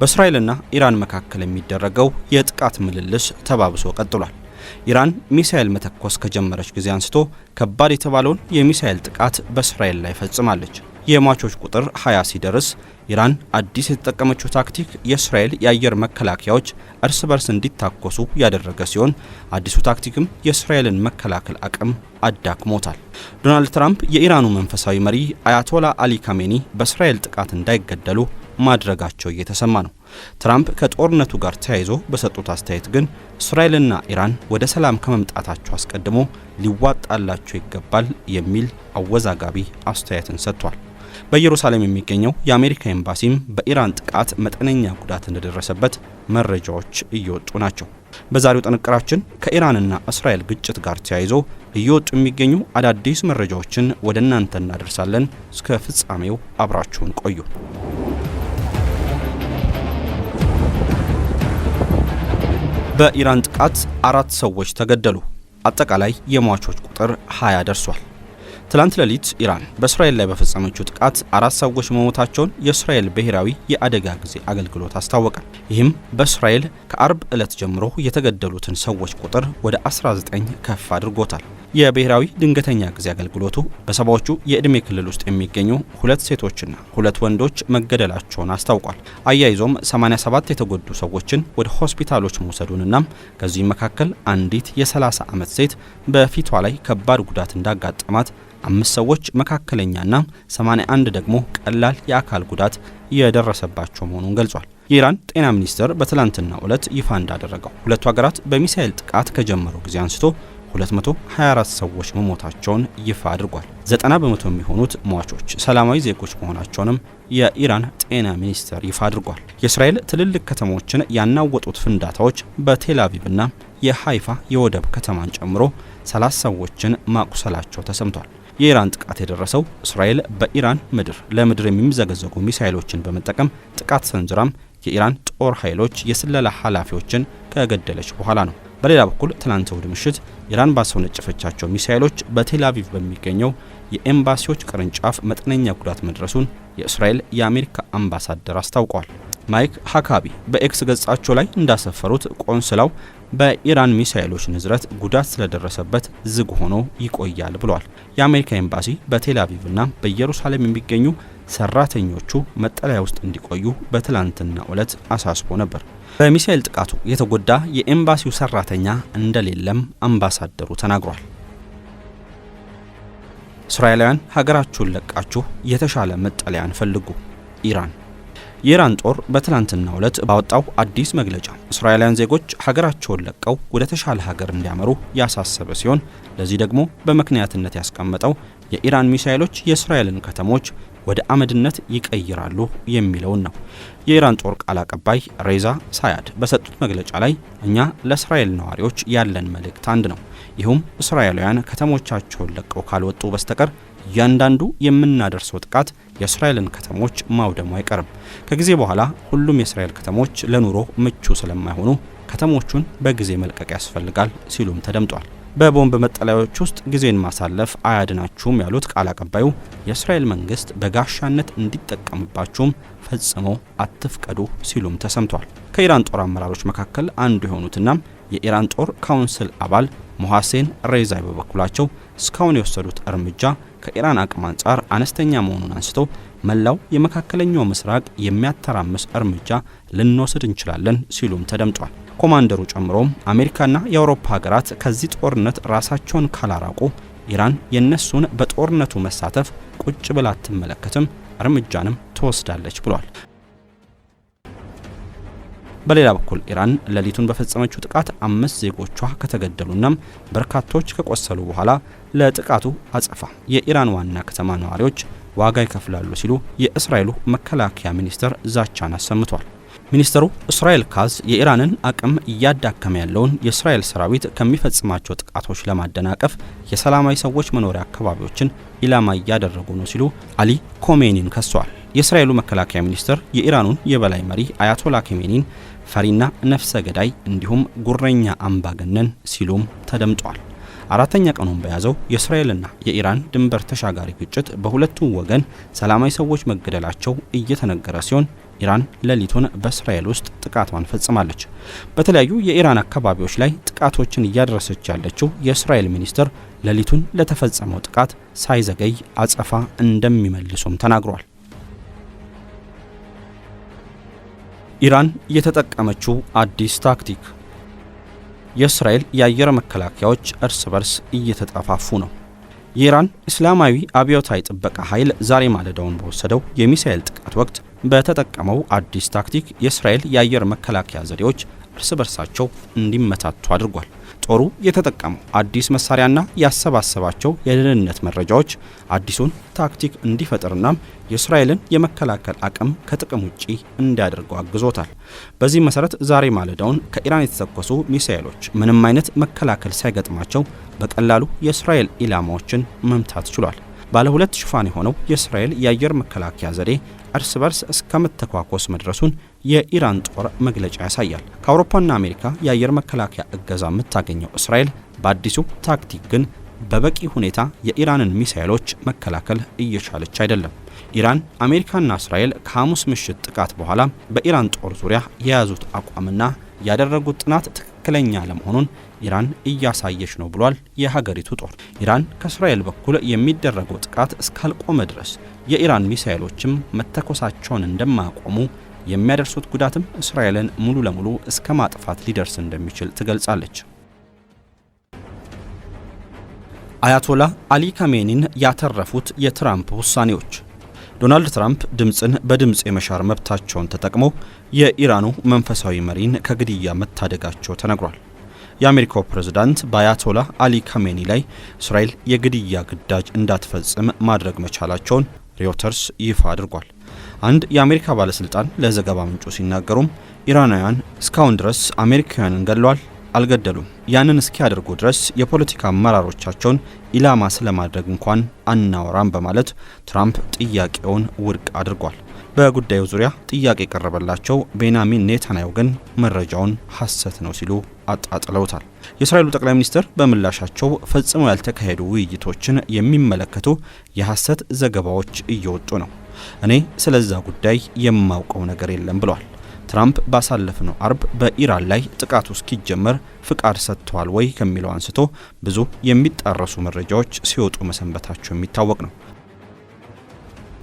በእስራኤልና ኢራን መካከል የሚደረገው የጥቃት ምልልስ ተባብሶ ቀጥሏል። ኢራን ሚሳኤል መተኮስ ከጀመረች ጊዜ አንስቶ ከባድ የተባለውን የሚሳኤል ጥቃት በእስራኤል ላይ ፈጽማለች። የሟቾች ቁጥር 20 ሲደርስ ኢራን አዲስ የተጠቀመችው ታክቲክ የእስራኤል የአየር መከላከያዎች እርስ በርስ እንዲታኮሱ ያደረገ ሲሆን አዲሱ ታክቲክም የእስራኤልን መከላከል አቅም አዳክሞታል። ዶናልድ ትራምፕ የኢራኑ መንፈሳዊ መሪ አያቶላ አሊ ካሜኒ በእስራኤል ጥቃት እንዳይገደሉ ማድረጋቸው እየተሰማ ነው። ትራምፕ ከጦርነቱ ጋር ተያይዞ በሰጡት አስተያየት ግን እስራኤልና ኢራን ወደ ሰላም ከመምጣታቸው አስቀድሞ ሊዋጣላቸው ይገባል የሚል አወዛጋቢ አስተያየትን ሰጥቷል። በኢየሩሳሌም የሚገኘው የአሜሪካ ኤምባሲም በኢራን ጥቃት መጠነኛ ጉዳት እንደደረሰበት መረጃዎች እየወጡ ናቸው። በዛሬው ጥንቅራችን ከኢራንና እስራኤል ግጭት ጋር ተያይዞ እየወጡ የሚገኙ አዳዲስ መረጃዎችን ወደ እናንተ እናደርሳለን። እስከ ፍጻሜው አብራችሁን ቆዩ። በኢራን ጥቃት አራት ሰዎች ተገደሉ። አጠቃላይ የሟቾች ቁጥር 20 ደርሷል። ትላንት ሌሊት ኢራን በእስራኤል ላይ በፈጸመችው ጥቃት አራት ሰዎች መሞታቸውን የእስራኤል ብሔራዊ የአደጋ ጊዜ አገልግሎት አስታወቀ። ይህም በእስራኤል ከአርብ ዕለት ጀምሮ የተገደሉትን ሰዎች ቁጥር ወደ 19 ከፍ አድርጎታል። የብሔራዊ ድንገተኛ ጊዜ አገልግሎቱ በሰባዎቹ የዕድሜ ክልል ውስጥ የሚገኙ ሁለት ሴቶችና ሁለት ወንዶች መገደላቸውን አስታውቋል። አያይዞም 87 የተጎዱ ሰዎችን ወደ ሆስፒታሎች መውሰዱንና ከዚህም መካከል አንዲት የ30 ዓመት ሴት በፊቷ ላይ ከባድ ጉዳት እንዳጋጠማት አምስት ሰዎች መካከለኛና 81 ደግሞ ቀላል የአካል ጉዳት የደረሰባቸው መሆኑን ገልጿል። የኢራን ጤና ሚኒስቴር በትላንትናው ዕለት ይፋ እንዳደረገው ሁለቱ ሀገራት በሚሳኤል ጥቃት ከጀመሩ ጊዜ አንስቶ 224 ሰዎች መሞታቸውን ይፋ አድርጓል። 90 በመቶ የሚሆኑት ሟቾች ሰላማዊ ዜጎች መሆናቸውንም የኢራን ጤና ሚኒስቴር ይፋ አድርጓል። የእስራኤል ትልልቅ ከተሞችን ያናወጡት ፍንዳታዎች በቴል አቪቭና የሃይፋ የወደብ ከተማን ጨምሮ 30 ሰዎችን ማቁሰላቸው ተሰምቷል። የኢራን ጥቃት የደረሰው እስራኤል በኢራን ምድር ለምድር የሚምዘገዘጉ ሚሳኤሎችን በመጠቀም ጥቃት ሰንዝራም የኢራን ጦር ኃይሎች የስለላ ኃላፊዎችን ከገደለች በኋላ ነው። በሌላ በኩል ትናንት እሁድ ምሽት ኢራን ባስወነጨፈቻቸው ሚሳኤሎች በቴል አቪቭ በሚገኘው የኤምባሲዎች ቅርንጫፍ መጠነኛ ጉዳት መድረሱን የእስራኤል የአሜሪካ አምባሳደር አስታውቋል። ማይክ ሀካቢ በኤክስ ገጻቸው ላይ እንዳሰፈሩት ቆንስላው በኢራን ሚሳኤሎች ንዝረት ጉዳት ስለደረሰበት ዝግ ሆኖ ይቆያል ብሏል። የአሜሪካ ኤምባሲ በቴልአቪቭና በኢየሩሳሌም የሚገኙ ሰራተኞቹ መጠለያ ውስጥ እንዲቆዩ በትላንትና ዕለት አሳስቦ ነበር። በሚሳኤል ጥቃቱ የተጎዳ የኤምባሲው ሰራተኛ እንደሌለም አምባሳደሩ ተናግሯል። እስራኤላውያን ሀገራችሁን ለቃችሁ የተሻለ መጠለያን ፈልጉ ኢራን የኢራን ጦር በትላንትና ዕለት ባወጣው አዲስ መግለጫ እስራኤላውያን ዜጎች ሀገራቸውን ለቀው ወደ ተሻለ ሀገር እንዲያመሩ ያሳሰበ ሲሆን ለዚህ ደግሞ በምክንያትነት ያስቀመጠው የኢራን ሚሳኤሎች የእስራኤልን ከተሞች ወደ አመድነት ይቀይራሉ የሚለውን ነው። የኢራን ጦር ቃል አቀባይ ሬዛ ሳያድ በሰጡት መግለጫ ላይ እኛ ለእስራኤል ነዋሪዎች ያለን መልእክት አንድ ነው። ይህም እስራኤላውያን ከተሞቻቸውን ለቀው ካልወጡ በስተቀር እያንዳንዱ የምናደርሰው ጥቃት የእስራኤልን ከተሞች ማውደሙ አይቀርም። ከጊዜ በኋላ ሁሉም የእስራኤል ከተሞች ለኑሮ ምቹ ስለማይሆኑ ከተሞቹን በጊዜ መልቀቅ ያስፈልጋል ሲሉም ተደምጧል። በቦምብ መጠለያዎች ውስጥ ጊዜን ማሳለፍ አያድናችሁም ያሉት ቃል አቀባዩ የእስራኤል መንግስት በጋሻነት እንዲጠቀምባችሁም ፈጽሞ አትፍቀዱ ሲሉም ተሰምቷል። ከኢራን ጦር አመራሮች መካከል አንዱ የሆኑትና የኢራን ጦር ካውንስል አባል ሞሐሴን ሬዛይ በበኩላቸው እስካሁን የወሰዱት እርምጃ ከኢራን አቅም አንጻር አነስተኛ መሆኑን አንስተው መላው የመካከለኛው ምስራቅ የሚያተራምስ እርምጃ ልንወስድ እንችላለን ሲሉም ተደምጧል። ኮማንደሩ ጨምሮ አሜሪካና የአውሮፓ ሀገራት ከዚህ ጦርነት ራሳቸውን ካላራቁ ኢራን የእነሱን በጦርነቱ መሳተፍ ቁጭ ብላ አትመለከትም፣ እርምጃንም ትወስዳለች ብሏል። በሌላ በኩል ኢራን ሌሊቱን በፈጸመችው ጥቃት አምስት ዜጎቿ ከተገደሉና በርካቶች ከቆሰሉ በኋላ ለጥቃቱ አጸፋ የኢራን ዋና ከተማ ነዋሪዎች ዋጋ ይከፍላሉ ሲሉ የእስራኤሉ መከላከያ ሚኒስትር ዛቻን አሰምቷል። ሚኒስትሩ እስራኤል ካዝ የኢራንን አቅም እያዳከመ ያለውን የእስራኤል ሰራዊት ከሚፈጽማቸው ጥቃቶች ለማደናቀፍ የሰላማዊ ሰዎች መኖሪያ አካባቢዎችን ኢላማ እያደረጉ ነው ሲሉ አሊ ኮሜኒን ከሷል። የእስራኤሉ መከላከያ ሚኒስትር የኢራኑን የበላይ መሪ አያቶላ ኬሜኒን ፈሪና ነፍሰ ገዳይ እንዲሁም ጉረኛ አምባገነን ሲሉም ተደምጧል። አራተኛ ቀኑን በያዘው የእስራኤልና የኢራን ድንበር ተሻጋሪ ግጭት በሁለቱም ወገን ሰላማዊ ሰዎች መገደላቸው እየተነገረ ሲሆን ኢራን ሌሊቱን በእስራኤል ውስጥ ጥቃቷን ፈጽማለች። በተለያዩ የኢራን አካባቢዎች ላይ ጥቃቶችን እያደረሰች ያለችው የእስራኤል ሚኒስትር ሌሊቱን ለተፈጸመው ጥቃት ሳይዘገይ አጸፋ እንደሚመልሱም ተናግሯል። ኢራን የተጠቀመችው አዲስ ታክቲክ የእስራኤል የአየር መከላከያዎች እርስ በርስ እየተጠፋፉ ነው። የኢራን እስላማዊ አብዮታዊ ጥበቃ ኃይል ዛሬ ማለዳውን በወሰደው የሚሳኤል ጥቃት ወቅት በተጠቀመው አዲስ ታክቲክ የእስራኤል የአየር መከላከያ ዘዴዎች እርስ በርሳቸው እንዲመታቱ አድርጓል። ጦሩ የተጠቀመው አዲስ መሳሪያና ያሰባሰባቸው የደህንነት መረጃዎች አዲሱን ታክቲክ እንዲፈጥርናም የእስራኤልን የመከላከል አቅም ከጥቅም ውጪ እንዲያደርገው አግዞታል። በዚህ መሰረት ዛሬ ማለዳውን ከኢራን የተተኮሱ ሚሳኤሎች ምንም አይነት መከላከል ሳይገጥማቸው በቀላሉ የእስራኤል ኢላማዎችን መምታት ችሏል። ባለ ሁለት ሽፋን የሆነው የእስራኤል የአየር መከላከያ ዘዴ እርስ በርስ እስከመተኳኮስ መድረሱን የኢራን ጦር መግለጫ ያሳያል። ከአውሮፓና አሜሪካ የአየር መከላከያ እገዛ የምታገኘው እስራኤል በአዲሱ ታክቲክ ግን በበቂ ሁኔታ የኢራንን ሚሳይሎች መከላከል እየቻለች አይደለም። ኢራን፣ አሜሪካና እስራኤል ከሐሙስ ምሽት ጥቃት በኋላ በኢራን ጦር ዙሪያ የያዙት አቋምና ያደረጉት ጥናት ትክክለኛ አለመሆኑን ኢራን እያሳየች ነው ብሏል የሀገሪቱ ጦር። ኢራን ከእስራኤል በኩል የሚደረገው ጥቃት እስካልቆመ ድረስ የኢራን ሚሳኤሎችም መተኮሳቸውን እንደማያቆሙ የሚያደርሱት ጉዳትም እስራኤልን ሙሉ ለሙሉ እስከ ማጥፋት ሊደርስ እንደሚችል ትገልጻለች። አያቶላ አሊ ካሜኒን ያተረፉት የትራምፕ ውሳኔዎች ዶናልድ ትራምፕ ድምፅን በድምፅ የመሻር መብታቸውን ተጠቅመው የኢራኑ መንፈሳዊ መሪን ከግድያ መታደጋቸው ተነግሯል። የአሜሪካው ፕሬዝዳንት በአያቶላ አሊ ካሜኒ ላይ እስራኤል የግድያ ግዳጅ እንዳትፈጽም ማድረግ መቻላቸውን ሪውተርስ ይፋ አድርጓል። አንድ የአሜሪካ ባለስልጣን ለዘገባ ምንጩ ሲናገሩም ኢራናውያን እስካሁን ድረስ አሜሪካውያንን ገድለዋል አልገደሉም። ያንን እስኪያደርጉ ድረስ የፖለቲካ አመራሮቻቸውን ኢላማ ስለማድረግ እንኳን አናወራም በማለት ትራምፕ ጥያቄውን ውድቅ አድርጓል። በጉዳዩ ዙሪያ ጥያቄ የቀረበላቸው ቤንያሚን ኔታንያሁ ግን መረጃውን ሐሰት ነው ሲሉ አጣጥለውታል። የእስራኤሉ ጠቅላይ ሚኒስትር በምላሻቸው ፈጽሞ ያልተካሄዱ ውይይቶችን የሚመለከቱ የሐሰት ዘገባዎች እየወጡ ነው፣ እኔ ስለዛ ጉዳይ የማውቀው ነገር የለም ብለዋል። ትራምፕ ባሳለፍነው አርብ በኢራን ላይ ጥቃቱ እስኪጀመር ፍቃድ ሰጥተዋል ወይ ከሚለው አንስቶ ብዙ የሚጣረሱ መረጃዎች ሲወጡ መሰንበታቸው የሚታወቅ ነው።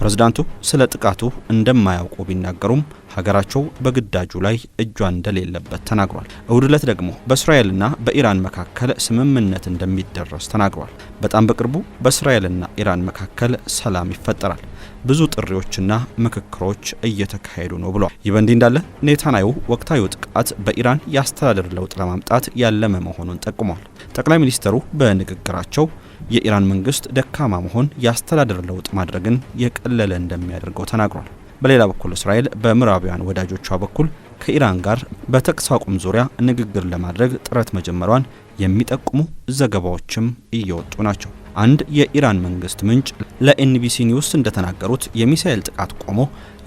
ፕሬዝዳንቱ ስለ ጥቃቱ እንደማያውቁ ቢናገሩም ሀገራቸው በግዳጁ ላይ እጇ እንደሌለበት ተናግሯል። እሁድ ዕለት ደግሞ በእስራኤልና በኢራን መካከል ስምምነት እንደሚደረስ ተናግሯል። በጣም በቅርቡ በእስራኤልና ኢራን መካከል ሰላም ይፈጠራል። ብዙ ጥሪዎችና ምክክሮች እየተካሄዱ ነው ብሏል። ይህ በእንዲህ እንዳለ ኔታናዩ ወቅታዊ ጥቃት በኢራን የአስተዳደር ለውጥ ለማምጣት ያለመ መሆኑን ጠቁሟል። ጠቅላይ ሚኒስትሩ በንግግራቸው የኢራን መንግስት ደካማ መሆን የአስተዳደር ለውጥ ማድረግን የቀለለ እንደሚያደርገው ተናግሯል። በሌላ በኩል እስራኤል በምዕራባውያን ወዳጆቿ በኩል ከኢራን ጋር በተኩስ አቁም ዙሪያ ንግግር ለማድረግ ጥረት መጀመሯን የሚጠቁሙ ዘገባዎችም እየወጡ ናቸው። አንድ የኢራን መንግስት ምንጭ ለኤንቢሲ ኒውስ እንደተናገሩት የሚሳኤል ጥቃት ቆሞ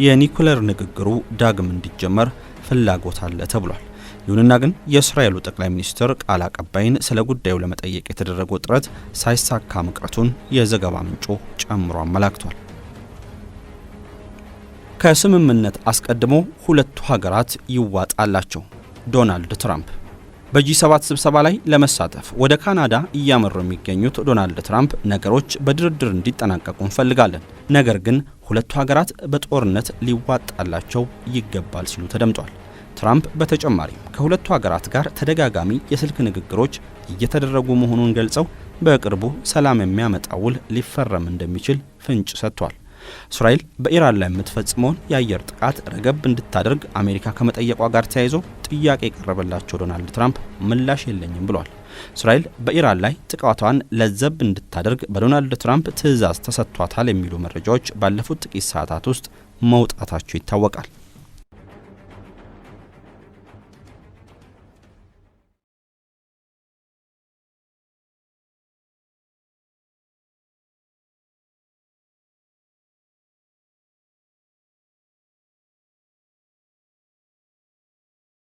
የኒኩሌር ንግግሩ ዳግም እንዲጀመር ፍላጎት አለ ተብሏል። ይሁንና ግን የእስራኤሉ ጠቅላይ ሚኒስትር ቃል አቀባይን ስለ ጉዳዩ ለመጠየቅ የተደረገው ጥረት ሳይሳካ መቅረቱን የዘገባ ምንጩ ጨምሮ አመላክቷል። ከስምምነት አስቀድሞ ሁለቱ ሀገራት ይዋጣላቸው። ዶናልድ ትራምፕ በጂ7 ስብሰባ ላይ ለመሳተፍ ወደ ካናዳ እያመሩ የሚገኙት ዶናልድ ትራምፕ ነገሮች በድርድር እንዲጠናቀቁ እንፈልጋለን፣ ነገር ግን ሁለቱ ሀገራት በጦርነት ሊዋጣላቸው ይገባል ሲሉ ተደምጧል። ትራምፕ በተጨማሪም ከሁለቱ ሀገራት ጋር ተደጋጋሚ የስልክ ንግግሮች እየተደረጉ መሆኑን ገልጸው በቅርቡ ሰላም የሚያመጣ ውል ሊፈረም እንደሚችል ፍንጭ ሰጥቷል። እስራኤል በኢራን ላይ የምትፈጽመውን የአየር ጥቃት ረገብ እንድታደርግ አሜሪካ ከመጠየቋ ጋር ተያይዞ ጥያቄ የቀረበላቸው ዶናልድ ትራምፕ ምላሽ የለኝም ብሏል። እስራኤል በኢራን ላይ ጥቃቷን ለዘብ እንድታደርግ በዶናልድ ትራምፕ ትዕዛዝ ተሰጥቷታል የሚሉ መረጃዎች ባለፉት ጥቂት ሰዓታት ውስጥ መውጣታቸው ይታወቃል።